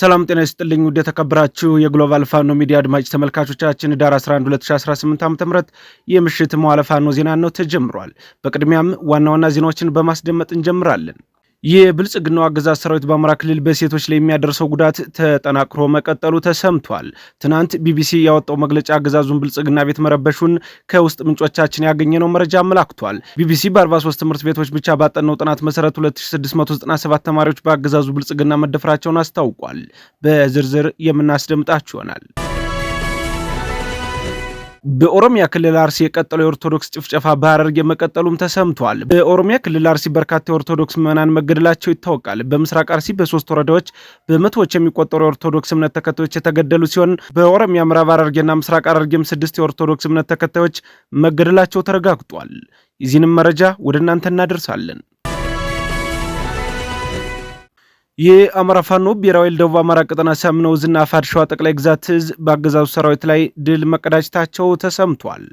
ሰላም ጤና ይስጥልኝ። ውድ የተከበራችሁ የግሎባል ፋኖ ሚዲያ አድማጭ ተመልካቾቻችን ዳር 11 2018 ዓ ም የምሽት መዋለ ፋኖ ዜና ነው ተጀምሯል። በቅድሚያም ዋና ዋና ዜናዎችን በማስደመጥ እንጀምራለን። የብልጽግናው አገዛዝ ሰራዊት በአማራ ክልል በሴቶች ላይ የሚያደርሰው ጉዳት ተጠናክሮ መቀጠሉ ተሰምቷል። ትናንት ቢቢሲ ያወጣው መግለጫ አገዛዙን ብልጽግና ቤት መረበሹን ከውስጥ ምንጮቻችን ያገኘነው መረጃ አመላክቷል። ቢቢሲ በ43 ትምህርት ቤቶች ብቻ ባጠነው ጥናት መሰረት 2697 ተማሪዎች በአገዛዙ ብልጽግና መደፈራቸውን አስታውቋል። በዝርዝር የምናስደምጣችሁ ይሆናል። በኦሮሚያ ክልል አርሲ የቀጠለው የኦርቶዶክስ ጭፍጨፋ በሐረርጌ መቀጠሉም ተሰምቷል። በኦሮሚያ ክልል አርሲ በርካታ የኦርቶዶክስ ምዕመናን መገደላቸው ይታወቃል። በምስራቅ አርሲ በሶስት ወረዳዎች በመቶዎች የሚቆጠሩ የኦርቶዶክስ እምነት ተከታዮች የተገደሉ ሲሆን በኦሮሚያ ምዕራብ ሐረርጌና ምስራቅ ሐረርጌም ስድስት የኦርቶዶክስ እምነት ተከታዮች መገደላቸው ተረጋግጧል። የዚህንም መረጃ ወደ እናንተ እናደርሳለን። የአማራ ፋኖ ብሔራዊ ደቡብ አማራ ቀጠና ሳምነው ዝና አፋሕድ ሸዋ ጠቅላይ ግዛት ዕዝ በአገዛዙ ሰራዊት ላይ ድል መቀዳጀታቸው ተሰምቷል።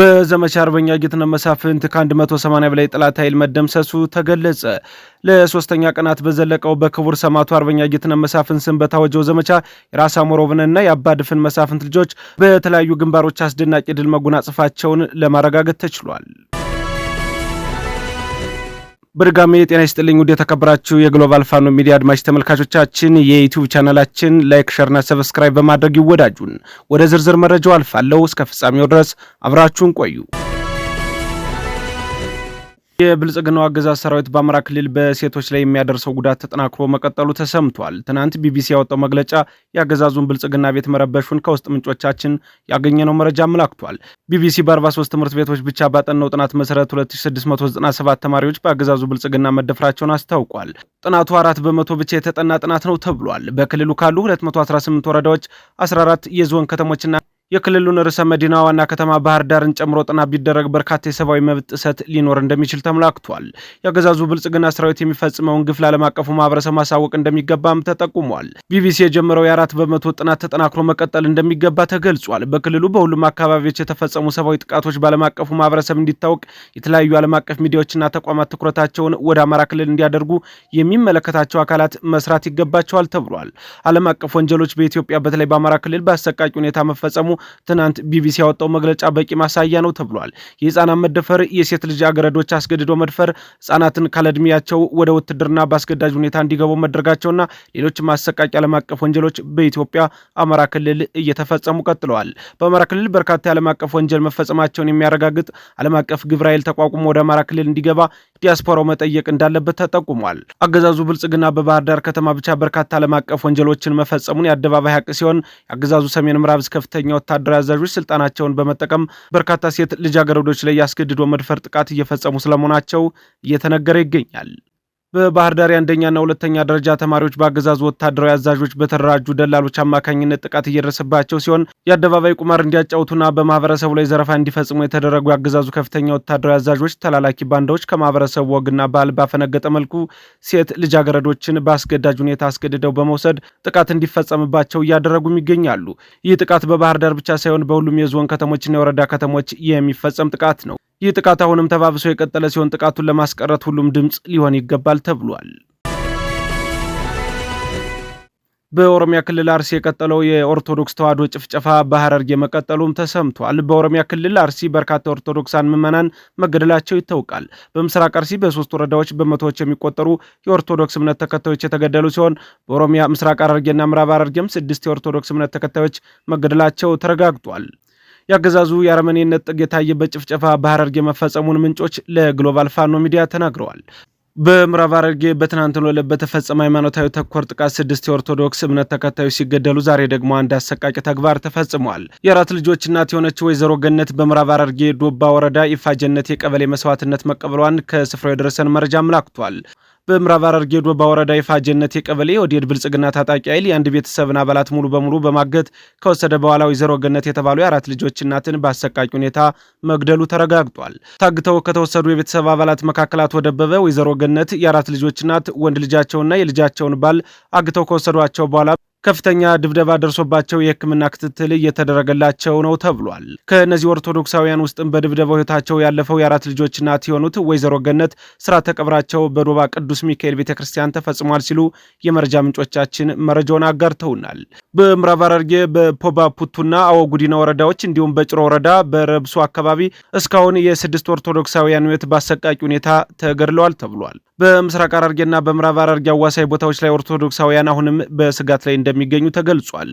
በዘመቻ አርበኛ ጌትነት መሳፍንት ከ180 በላይ ጠላት ኃይል መደምሰሱ ተገለጸ። ለሶስተኛ ቀናት በዘለቀው በክቡር ሰማዕቱ አርበኛ ጌትነት መሳፍንት ስም በታወጀው ዘመቻ የራስ አሞሮብንና የአባድፍን መሳፍንት ልጆች በተለያዩ ግንባሮች አስደናቂ ድል መጎናጸፋቸውን ለማረጋገጥ ተችሏል። በድጋሜ የጤና ይስጥልኝ ውድ የተከበራችሁ የግሎባል ፋኖ ሚዲያ አድማጭ ተመልካቾቻችን የዩቲዩብ ቻናላችን ላይክ፣ ሸርና ሰብስክራይብ በማድረግ ይወዳጁን። ወደ ዝርዝር መረጃው አልፋለሁ። እስከ ፍጻሜው ድረስ አብራችሁን ቆዩ። የብልጽግናው አገዛዝ ሰራዊት በአማራ ክልል በሴቶች ላይ የሚያደርሰው ጉዳት ተጠናክሮ መቀጠሉ ተሰምቷል። ትናንት ቢቢሲ ያወጣው መግለጫ የአገዛዙን ብልጽግና ቤት መረበሹን ከውስጥ ምንጮቻችን ያገኘነው መረጃ አመላክቷል። ቢቢሲ በ43 ትምህርት ቤቶች ብቻ ባጠናው ጥናት መሰረት 2697 ተማሪዎች በአገዛዙ ብልጽግና መደፍራቸውን አስታውቋል። ጥናቱ አራት በመቶ ብቻ የተጠና ጥናት ነው ተብሏል። በክልሉ ካሉ 218 ወረዳዎች 14 የዞን ከተሞችና የክልሉን ርዕሰ መዲና ዋና ከተማ ባህር ዳርን ጨምሮ ጥናት ቢደረግ በርካታ የሰብአዊ መብት ጥሰት ሊኖር እንደሚችል ተመላክቷል። የአገዛዙ ብልጽግና ሰራዊት የሚፈጽመውን ግፍ ለዓለም አቀፉ ማህበረሰብ ማሳወቅ እንደሚገባም ተጠቁሟል። ቢቢሲ የጀመረው የአራት በመቶ ጥናት ተጠናክሮ መቀጠል እንደሚገባ ተገልጿል። በክልሉ በሁሉም አካባቢዎች የተፈጸሙ ሰብአዊ ጥቃቶች በዓለም አቀፉ ማህበረሰብ እንዲታወቅ የተለያዩ ዓለም አቀፍ ሚዲያዎችና ተቋማት ትኩረታቸውን ወደ አማራ ክልል እንዲያደርጉ የሚመለከታቸው አካላት መስራት ይገባቸዋል ተብሏል። ዓለም አቀፍ ወንጀሎች በኢትዮጵያ በተለይ በአማራ ክልል በአሰቃቂ ሁኔታ መፈጸሙ ትናንት ቢቢሲ ያወጣው መግለጫ በቂ ማሳያ ነው ተብሏል። የህፃናት መደፈር፣ የሴት ልጅ አገረዶች አስገድዶ መድፈር፣ ህጻናትን ካለእድሜያቸው ወደ ውትድርና በአስገዳጅ ሁኔታ እንዲገቡ መደረጋቸውና ሌሎች ማሰቃቂ ዓለም አቀፍ ወንጀሎች በኢትዮጵያ አማራ ክልል እየተፈጸሙ ቀጥለዋል። በአማራ ክልል በርካታ የዓለም አቀፍ ወንጀል መፈጸማቸውን የሚያረጋግጥ ዓለም አቀፍ ግብረ ኃይል ተቋቁሞ ወደ አማራ ክልል እንዲገባ ዲያስፖራው መጠየቅ እንዳለበት ተጠቁሟል። አገዛዙ ብልጽግና በባህር ዳር ከተማ ብቻ በርካታ ዓለም አቀፍ ወንጀሎችን መፈጸሙን የአደባባይ ሀቅ ሲሆን የአገዛዙ ሰሜን ምዕራብ እዝ ከፍተኛ ወታደራዊ አዛዦች ስልጣናቸውን በመጠቀም በርካታ ሴት ልጃገረዶች ላይ ያስገድዶ መድፈር ጥቃት እየፈጸሙ ስለመሆናቸው እየተነገረ ይገኛል። በባህር ዳር የአንደኛና ሁለተኛ ደረጃ ተማሪዎች በአገዛዙ ወታደራዊ አዛዦች በተደራጁ ደላሎች አማካኝነት ጥቃት እየደረሰባቸው ሲሆን የአደባባይ ቁማር እንዲያጫውቱና በማህበረሰቡ ላይ ዘረፋ እንዲፈጽሙ የተደረጉ የአገዛዙ ከፍተኛ ወታደራዊ አዛዦች ተላላኪ ባንዳዎች ከማህበረሰቡ ወግና ባህል ባፈነገጠ መልኩ ሴት ልጃገረዶችን በአስገዳጅ ሁኔታ አስገድደው በመውሰድ ጥቃት እንዲፈጸምባቸው እያደረጉም ይገኛሉ። ይህ ጥቃት በባህር ዳር ብቻ ሳይሆን በሁሉም የዞን ከተሞችና የወረዳ ከተሞች የሚፈጸም ጥቃት ነው። ይህ ጥቃት አሁንም ተባብሶ የቀጠለ ሲሆን ጥቃቱን ለማስቀረት ሁሉም ድምፅ ሊሆን ይገባል ተብሏል። በኦሮሚያ ክልል አርሲ የቀጠለው የኦርቶዶክስ ተዋሕዶ ጭፍጨፋ በሐረርጌ መቀጠሉም ተሰምቷል። በኦሮሚያ ክልል አርሲ በርካታ ኦርቶዶክሳን ምዕመናን መገደላቸው ይታወቃል። በምስራቅ አርሲ በሶስት ወረዳዎች በመቶዎች የሚቆጠሩ የኦርቶዶክስ እምነት ተከታዮች የተገደሉ ሲሆን በኦሮሚያ ምስራቅ ሐረርጌና ምዕራብ ሐረርጌም ስድስት የኦርቶዶክስ እምነት ተከታዮች መገደላቸው ተረጋግጧል። የአገዛዙ የአረመኔነት ጥግ የታየበት ጭፍጨፋ በሐረርጌ መፈጸሙን ምንጮች ለግሎባል ፋኖ ሚዲያ ተናግረዋል። በምዕራብ ሐረርጌ በትናንትናው ዕለት በተፈጸመ ሃይማኖታዊ ተኮር ጥቃት ስድስት የኦርቶዶክስ እምነት ተከታዮች ሲገደሉ ዛሬ ደግሞ አንድ አሰቃቂ ተግባር ተፈጽሟል። የአራት ልጆች እናት የሆነችው ወይዘሮ ገነት በምዕራብ ሐረርጌ ዶባ ወረዳ ይፋጀነት የቀበሌ መስዋዕትነት መቀበሏን ከስፍራው የደረሰን መረጃ አመላክቷል። በምዕራብ ሐረርጌ ዶባ ወረዳ የፋጀነት የቀበሌ ወዴድ ብልጽግና ታጣቂ ኃይል የአንድ ቤተሰብን አባላት ሙሉ በሙሉ በማገት ከወሰደ በኋላ ወይዘሮ ገነት የተባሉ የአራት ልጆች እናትን በአሰቃቂ ሁኔታ መግደሉ ተረጋግጧል። ታግተው ከተወሰዱ የቤተሰብ አባላት መካከል አቶ ደበበ፣ ወይዘሮ ገነት የአራት ልጆች እናት፣ ወንድ ልጃቸውና የልጃቸውን ባል አግተው ከወሰዷቸው በኋላ ከፍተኛ ድብደባ ደርሶባቸው የሕክምና ክትትል እየተደረገላቸው ነው ተብሏል። ከእነዚህ ኦርቶዶክሳውያን ውስጥም በድብደባው ህይወታቸው ያለፈው የአራት ልጆች እናት የሆኑት ወይዘሮ ገነት ስርዓተ ቀብራቸው በዶባ ቅዱስ ሚካኤል ቤተ ክርስቲያን ተፈጽሟል ሲሉ የመረጃ ምንጮቻችን መረጃውን አጋርተውናል። በምዕራብ ሐረርጌ በፖባ ፑቱና አወጉዲና ወረዳዎች እንዲሁም በጭሮ ወረዳ በረብሶ አካባቢ እስካሁን የስድስት ኦርቶዶክሳውያን ህይወት በአሰቃቂ ሁኔታ ተገድለዋል ተብሏል። በምስራቅ ሐረርጌና በምዕራብ ሐረርጌ አዋሳኝ ቦታዎች ላይ ኦርቶዶክሳውያን አሁንም በስጋት ላይ እንደሚገኙ ተገልጿል።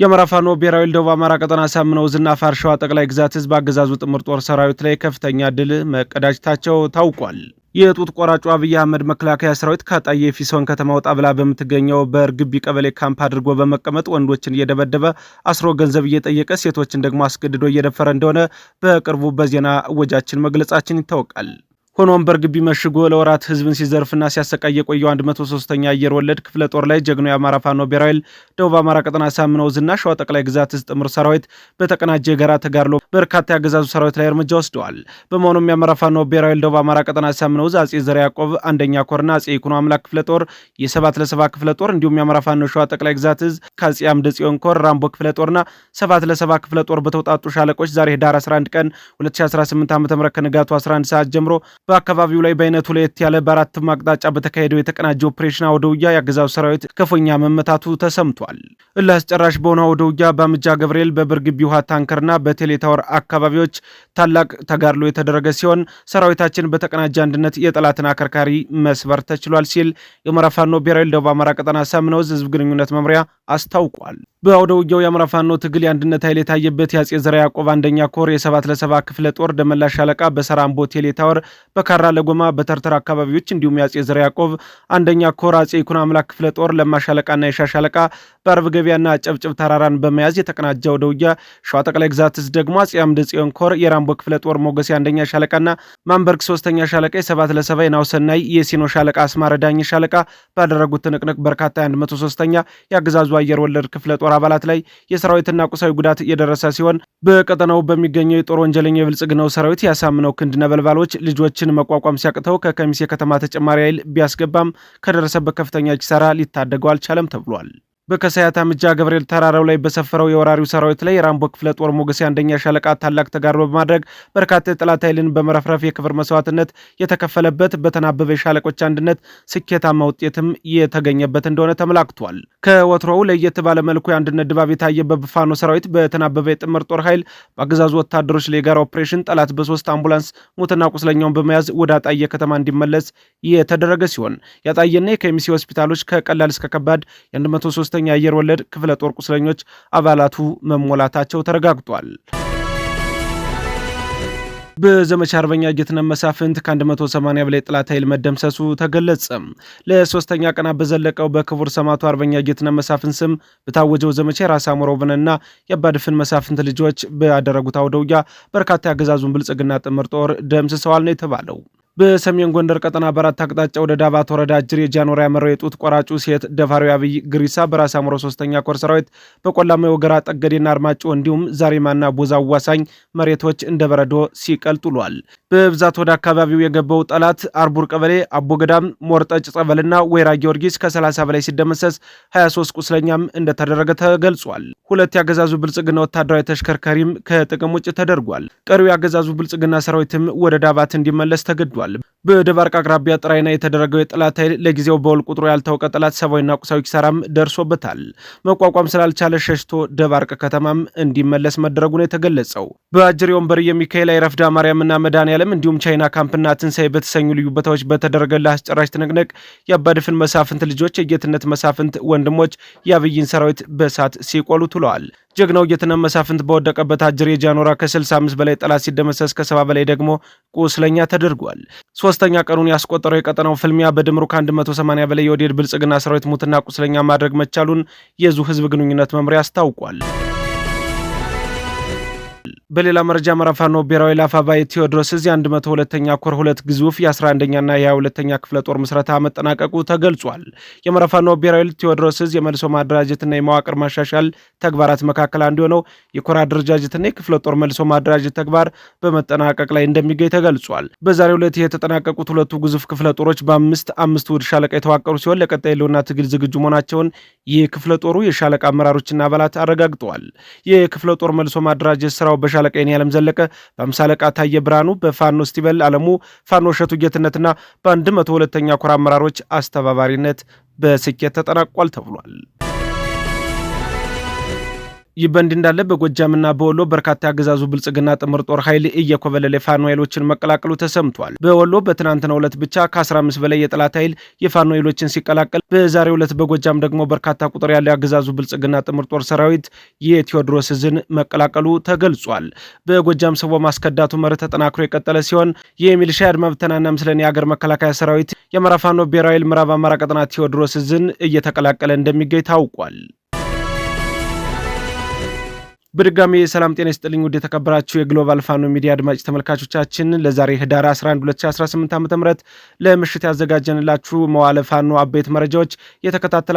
የአማራ ፋኖ ብሔራዊ ደቡብ አማራ ቀጠና ሳምነው ዝና ፋርሸዋ ጠቅላይ ግዛት ህዝብ አገዛዙ ጥምር ጦር ሰራዊት ላይ ከፍተኛ ድል መቀዳጀታቸው ታውቋል። የጡት ቆራጩ አብይ አህመድ መከላከያ ሰራዊት ከአጣዬ ፊሶን ከተማ ወጣ ብላ በምትገኘው በእርግቢ ቀበሌ ካምፕ አድርጎ በመቀመጥ ወንዶችን እየደበደበ አስሮ ገንዘብ እየጠየቀ ሴቶችን ደግሞ አስገድዶ እየደፈረ እንደሆነ በቅርቡ በዜና እወጃችን መግለጻችን ይታወቃል። ሆኖም በእርግቢ መሽጎ ለወራት ህዝብን ሲዘርፍና ሲያሰቃይ የቆየው 103ኛ አየር ወለድ ክፍለ ጦር ላይ ጀግኖ የአማራ ፋኖ ብሔራዊ ኃይል ደቡብ አማራ ቀጠና ሳምነው ዝና ሸዋ ጠቅላይ ግዛት እዝ ጥምር ሰራዊት በተቀናጀ የጋራ ተጋድሎ በርካታ ያገዛዙ ሰራዊት ላይ እርምጃ ወስደዋል። በመሆኑም የአማራ ፋኖ ብሔራዊ ኃይል ደቡብ አማራ ቀጠና ሳምነው ዝ አጼ ዘር ያዕቆብ አንደኛ ኮርና አጼ ይኩኖ አምላክ ክፍለ ጦር የሰባት ለሰባ ክፍለ ጦር እንዲሁም የአማራ ፋኖ ሸዋ ጠቅላይ ግዛት እዝ ከአጼ አምደ ጽዮን ኮር ራምቦ ክፍለ ጦርና ሰባት ለሰባ ክፍለ ጦር በተውጣጡ ሻለቆች ዛሬ ህዳር 11 ቀን 2018 ዓ ም ከንጋቱ 11 ሰዓት ጀምሮ በአካባቢው ላይ በአይነቱ ለየት ያለ በአራትም አቅጣጫ በተካሄደው የተቀናጀ ኦፕሬሽን አውደውያ የአገዛዙ ሰራዊት ክፉኛ መመታቱ ተሰምቷል። እልህ አስጨራሽ በሆነ አውደውያ በአምጃ ገብርኤል በብርግቢ ውሃ ታንከርና በቴሌታወር አካባቢዎች ታላቅ ተጋድሎ የተደረገ ሲሆን ሰራዊታችን በተቀናጀ አንድነት የጠላትን አከርካሪ መስበር ተችሏል ሲል የአማራ ፋኖ ብሔራዊ ደቡብ አማራ ቀጠና ሳምነውዝ ህዝብ ግንኙነት መምሪያ አስታውቋል። በአውደውያው የአማራ ፋኖ ትግል የአንድነት ኃይል የታየበት የአጼ ዘርዓ ያዕቆብ አንደኛ ኮር የሰባት ለሰባ ክፍለ ጦር ደመላሽ ሻለቃ በሰራምቦ ቴሌታወር በካራ ለጎማ በተርተር አካባቢዎች እንዲሁም የአጼ ዘር ያዕቆብ አንደኛ ኮር አጼ ይኩኖ አምላክ ክፍለ ጦር ለማሻለቃና የሻሻለቃ በአርብ ገበያና ጨብጭብ ተራራን በመያዝ የተቀናጀ ወደ ውጊያ ሸዋ ጠቅላይ ግዛትስ ደግሞ አጼ አምደ ጽዮን ኮር የራምቦ ክፍለ ጦር ሞገሴ አንደኛ ሻለቃና ማንበርግ ሶስተኛ ሻለቃ የሰባት ለሰባ የናውሰናይ የሲኖ ሻለቃ አስማረ ዳኝ ሻለቃ ባደረጉት ትንቅንቅ በርካታ የ 103 የአገዛዙ አየር ወለድ ክፍለ ጦር አባላት ላይ የሰራዊትና ቁሳዊ ጉዳት የደረሰ ሲሆን በቀጠናው በሚገኘው የጦር ወንጀለኛ የብልጽግናው ሰራዊት ያሳምነው ክንድ ነበልባሎች ልጆችን መቋቋም ሲያቅተው ከከሚሴ ከተማ ተጨማሪ ኃይል ቢያስገባም ከደረሰበት ከፍተኛ ኪሳራ ሊታደገው አልቻለም ተብሏል። በከሳያት አምጃ ገብርኤል ተራራው ላይ በሰፈረው የወራሪው ሰራዊት ላይ የራምቦ ክፍለ ጦር ሞገስ አንደኛ ሻለቃ ታላቅ ተጋድሎ በማድረግ በርካታ የጠላት ኃይልን በመረፍረፍ የክብር መስዋዕትነት የተከፈለበት በተናበበ የሻለቆች አንድነት ስኬታማ ውጤትም የተገኘበት እንደሆነ ተመላክቷል። ከወትሮው ለየት ባለመልኩ የአንድነት ድባብ የታየበት በፋኖ ሰራዊት በተናበበ የጥምር ጦር ኃይል በአገዛዙ ወታደሮች ላይ የጋራ ኦፕሬሽን ጠላት በሶስት አምቡላንስ ሞትና ቁስለኛውን በመያዝ ወደ አጣየ ከተማ እንዲመለስ የተደረገ ሲሆን የአጣየና የከሚሴ ሆስፒታሎች ከቀላል እስከ ከባድ የ13 የሶስተኛ አየር ወለድ ክፍለ ጦር ቁስለኞች አባላቱ መሞላታቸው ተረጋግጧል። በዘመቻ አርበኛ ጌትነት መሳፍንት ከ180 በላይ ጠላት ኃይል መደምሰሱ ተገለጸ። ለሶስተኛ ቀናት በዘለቀው በክቡር ሰማዕቱ አርበኛ ጌትነት መሳፍንት ስም በታወጀው ዘመቻ የራስ ብነና የአባድፍን መሳፍንት ልጆች ባደረጉት አውደ በርካታ ያገዛዙን ብልጽግና ጥምር ጦር ደምስሰዋል ነው የተባለው። በሰሜን ጎንደር ቀጠና በአራት አቅጣጫ ወደ ዳባት ወረዳ ጅር የጃኖሪ ያመራው የጡት ቆራጩ ሴት ደፋሪ አብይ ግሪሳ በራስ አምሮ ሶስተኛ ኮር ሰራዊት በቆላማ የወገራ ጠገዴና አርማጮ እንዲሁም ዛሪማና ቦዛ አዋሳኝ መሬቶች እንደ በረዶ ሲቀልጥ ውሏል። በብዛት ወደ አካባቢው የገባው ጠላት አርቡር ቀበሌ፣ አቦገዳም፣ ሞርጠጭ ጸበልና ወይራ ጊዮርጊስ ከ30 በላይ ሲደመሰስ 23 ቁስለኛም እንደተደረገ ተገልጿል። ሁለት ያገዛዙ ብልጽግና ወታደራዊ ተሽከርካሪም ከጥቅም ውጭ ተደርጓል። ቀሪው ያገዛዙ ብልጽግና ሰራዊትም ወደ ዳባት እንዲመለስ ተገዷል። ተገልጿል። በደባርቅ አቅራቢያ ጥራይና የተደረገው የጠላት ኃይል ለጊዜው በውል ቁጥሩ ያልታወቀ ጠላት ሰብአዊና ቁሳዊ ኪሳራም ደርሶበታል። መቋቋም ስላልቻለ ሸሽቶ ደባርቅ ከተማም እንዲመለስ መደረጉን የተገለጸው በአጅሬ ወንበር የሚካኤል አይረፍዳ፣ ማርያምና መድኃኔዓለም እንዲሁም ቻይና ካምፕና ትንሳኤ በተሰኙ ልዩ ቦታዎች በተደረገ ለአስጨራሽ ትንቅንቅ የአባድፍን መሳፍንት ልጆች የጌትነት መሳፍንት ወንድሞች የአብይን ሰራዊት በእሳት ሲቆሉ ትለዋል። ጀግናው ጌትነት መሳፍንት በወደቀበት አጅር የጃኖራ ከ65 በላይ ጠላት ሲደመሰስ ከሰባ በላይ ደግሞ ቁስለኛ ተደርጓል። ሶስተኛ ቀኑን ያስቆጠረው የቀጠናው ፍልሚያ በድምሩ ከ180 በላይ የወዴድ ብልጽግና ሰራዊት ሙትና ቁስለኛ ማድረግ መቻሉን የዙ ህዝብ ግንኙነት መምሪያ አስታውቋል። በሌላ መረጃ መረፋኖ ብሔራዊ ላፋባይ ቴዎድሮስ እዝ 102ኛ ኮር ሁለት ግዙፍ የ11ኛና የ22ኛ ክፍለ ጦር ምስረታ መጠናቀቁ ተገልጿል። የመረፋኖ ብሔራዊ ቴዎድሮስ እዝ የመልሶ ማደራጀትና የመዋቅር ማሻሻል ተግባራት መካከል አንዱ የሆነው የኮር አደረጃጀትና የክፍለ ጦር መልሶ ማደራጀት ተግባር በመጠናቀቅ ላይ እንደሚገኝ ተገልጿል። በዛሬው ዕለት የተጠናቀቁት ሁለቱ ግዙፍ ክፍለ ጦሮች በአምስት አምስት ውድ ሻለቃ የተዋቀሩ ሲሆን ለቀጣይ ህልውና ትግል ዝግጁ መሆናቸውን የክፍለ ጦሩ የሻለቃ አመራሮችና አባላት አረጋግጠዋል። የክፍለ ጦር መልሶ ማደራጀት ስራው በሻ አለቃ የኔዓለም ዘለቀ፣ በአምሳ አለቃ ታየ ብርሃኑ፣ በፋኖ ስቲበል አለሙ፣ ፋኖ እሸቱ ጌትነትና በአንድ መቶ ሁለተኛ ኮር አመራሮች አስተባባሪነት በስኬት ተጠናቋል ተብሏል። ይህ በእንዲህ እንዳለ በጎጃምና በወሎ በርካታ ያገዛዙ ብልጽግና ጥምር ጦር ኃይል እየኮበለለ የፋኖ ኃይሎችን መቀላቀሉ ተሰምቷል። በወሎ በትናንትናው ዕለት ብቻ ከ15 በላይ የጠላት ኃይል የፋኖ ኃይሎችን ሲቀላቀል፣ በዛሬው ዕለት በጎጃም ደግሞ በርካታ ቁጥር ያለው ያገዛዙ ብልጽግና ጥምር ጦር ሰራዊት የቴዎድሮስ እዝን መቀላቀሉ ተገልጿል። በጎጃም ሰቦ ማስከዳቱ መርህ ተጠናክሮ የቀጠለ ሲሆን የሚልሻ አድማ ብተናና ምስለን የአገር መከላከያ ሰራዊት የአማራ ፋኖ ብሔራዊ ኃይል ምዕራብ አማራ ቀጠና ቴዎድሮስ እዝን እየተቀላቀለ እንደሚገኝ ታውቋል። በድጋሚ የሰላም ጤና ይስጥልኝ ውድ የተከበራችሁ የግሎባል ፋኖ ሚዲያ አድማጭ ተመልካቾቻችን ለዛሬ ህዳር 11 2018 ዓ ም ለምሽት ያዘጋጀንላችሁ መዋለ ፋኖ አበይት መረጃዎች የተከታተላ